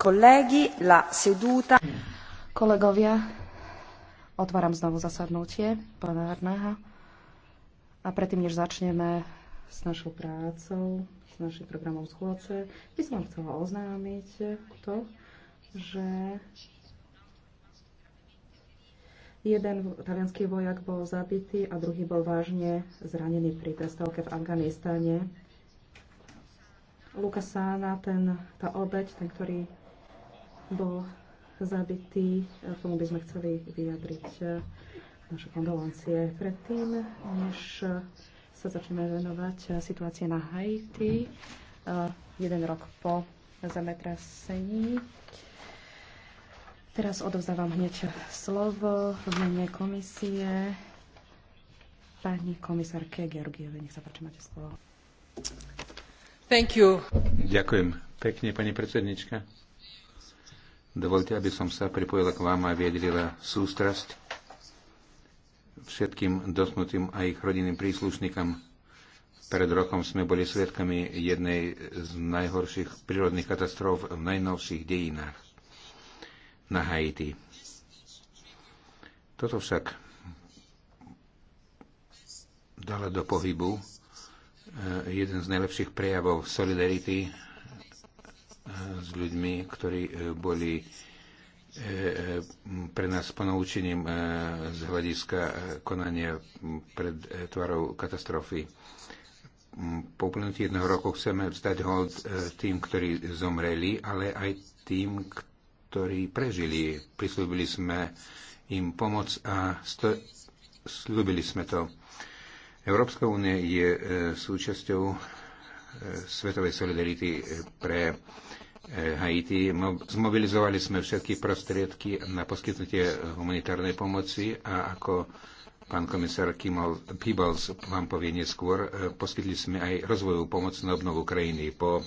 la seduta. Kolegovia, otváram znovu zasadnutie plenárneho. A predtým, než začneme s našou prácou, s našim programom schôdce, by som vám chcela oznámiť to, že jeden talianský vojak bol zabitý a druhý bol vážne zranený pri prestávke v Afganistáne. Lukasána, ten, tá obeď, ten, ktorý bol zabitý. Tomu by sme chceli vyjadriť eh, naše kondolencie. Predtým, než eh, sa začneme venovať eh, situácie na Haiti, jeden rok po zemetrasení, teraz odovzdávam hneď slovo v mene komisie pani komisárke Georgieve. Nech sa páči, máte slovo. Thank you. Ďakujem pekne, pani predsednička. Dovolte, aby som sa pripojila k vám a viedrila sústrasť všetkým dotknutým a ich rodinným príslušníkom. Pred rokom sme boli svedkami jednej z najhorších prírodných katastrof v najnovších dejinách na Haiti. Toto však dala do pohybu eh, jeden z najlepších prejavov solidarity s ľuďmi, ktorí e, boli e, e, pre nás ponaučením z hľadiska konania pred tvarou katastrofy. Po uplynutí jedného roku chceme vzdať hold tým, ktorí zomreli, ale aj tým, ktorí prežili. Prislúbili sme im pomoc a sto- slúbili sme to. Európska únia je súčasťou E, svetovej solidarity e, pre e, Haiti. Zmobilizovali sme všetky prostriedky na poskytnutie humanitárnej pomoci a ako pán komisár Kimmel Peebles vám povie neskôr, poskytli sme aj rozvojovú pomoc na obnovu krajiny po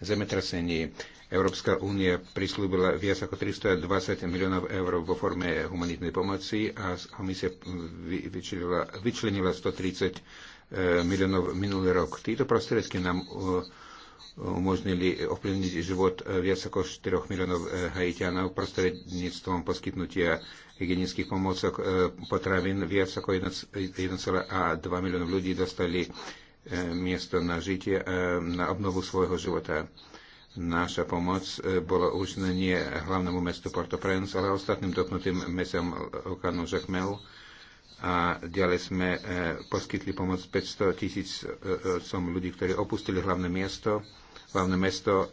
zemetrasení. Európska únia prislúbila viac ako 320 miliónov eur vo forme humanitnej pomoci a komisia vyčlenila 130 Eh, miliónov minulý rok. Títo prostriedky nám eh, umožnili ovplyvniť život eh, viac ako 4 miliónov Haitianov prostredníctvom poskytnutia hygienických pomôcok potravín. Viac ako 1,2 miliónov ľudí dostali miesto na žitie, na obnovu svojho života. Naša pomoc bola už nie hlavnému mestu Port-au-Prince, ale ostatným dotknutým mestom Okanu Jacmel a ďalej sme e, poskytli pomoc 500 tisíc e, e, som ľudí, ktorí opustili hlavné miesto, hlavné mesto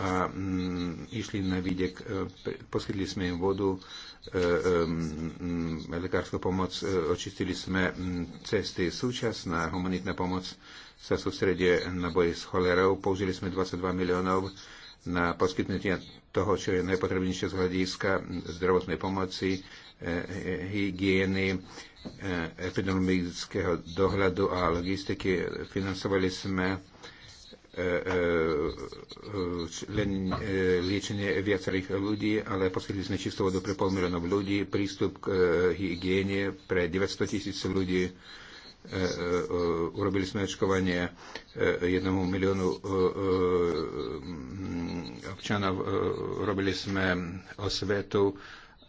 a mm, išli na výdek. Poskytli sme im vodu, lekárskú pomoc, očistili sme cesty. Súčasná humanitná pomoc sa sústredie na boji s cholerou. Použili sme 22 miliónov na poskytnutie toho, čo je najpotrebnejšie z hľadiska zdravotnej pomoci, e, e, hygieny, e, epidemiologického dohľadu a logistiky. Financovali sme len liečenie viacerých ľudí, ale poskytli sme čistou vodu pre pol miliónov ľudí, prístup k hygiene pre 900 tisíc ľudí E, e, e, urobili sme očkovanie jednomu miliónu občanov, robili sme osvetu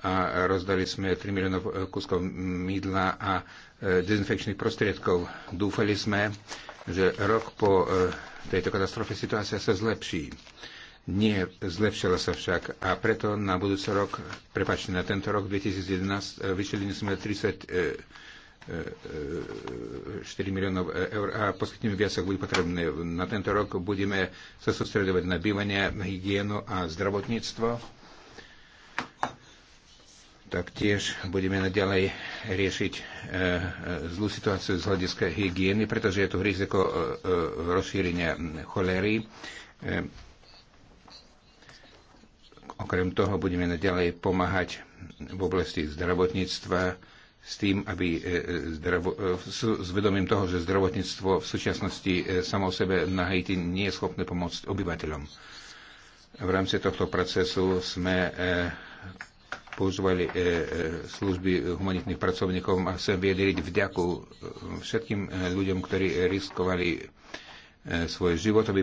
a rozdali sme 3 miliónov kuskov mydla a dezinfekčných prostriedkov. Dúfali sme, že rok po tejto katastrofe situácia sa zlepší. Nie, zlepšila sa však a preto na budúci rok, prepačte, na tento rok 2011 vyčlenili sme 30 4 miliónov eur a poskytneme viac, ak bude potrebné. Na tento rok budeme sa sústredovať na bývanie, hygienu a zdravotníctvo. Taktiež budeme naďalej riešiť e, e, zlú situáciu z hľadiska hygieny, pretože je tu riziko e, rozšírenia cholery. Okrem toho budeme naďalej pomáhať v oblasti zdravotníctva, s tým, aby e, e, zdravo, e, s vedomím toho, že zdravotníctvo v súčasnosti samo sebe na Haiti nie je schopné pomôcť obyvateľom. V rámci tohto procesu sme používali služby humanitných pracovníkov a chcem vyjadriť vďaku všetkým ľuďom, ktorí riskovali svoj život, aby